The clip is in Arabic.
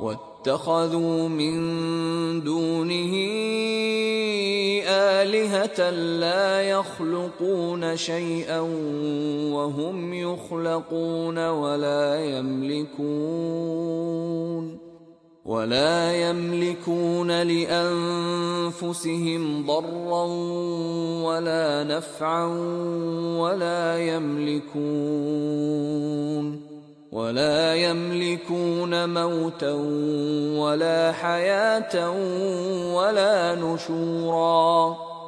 واتخذوا من دونه آلهة لا يخلقون شيئا وهم يخلقون ولا يملكون ولا يملكون لانفسهم ضرا ولا نفعا ولا يملكون ولا يملكون موتا ولا حياه ولا نشورا